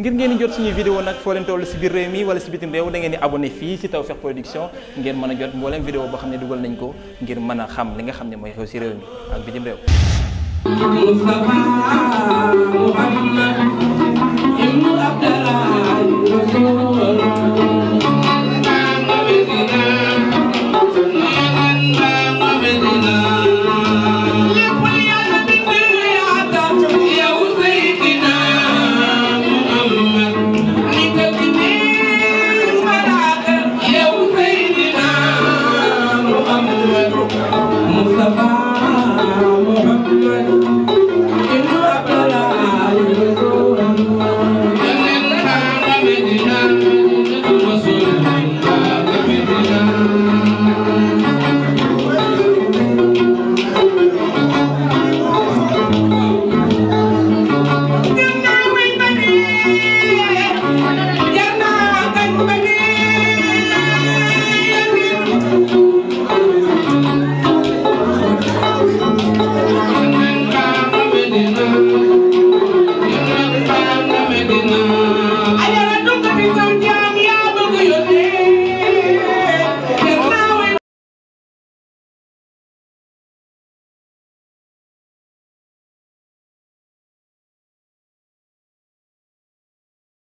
ngir ngeen di jot suñuy vidéo nag foo toll si biir réew mi wala si bitim réew da di abonné fii si Tawfekh Production ngeen mën a jot mboolem vidéo boo xam ne dugal nañ ko ngir mën a xam li xam ne mooy xew si réew mi ak bitim réew Baba.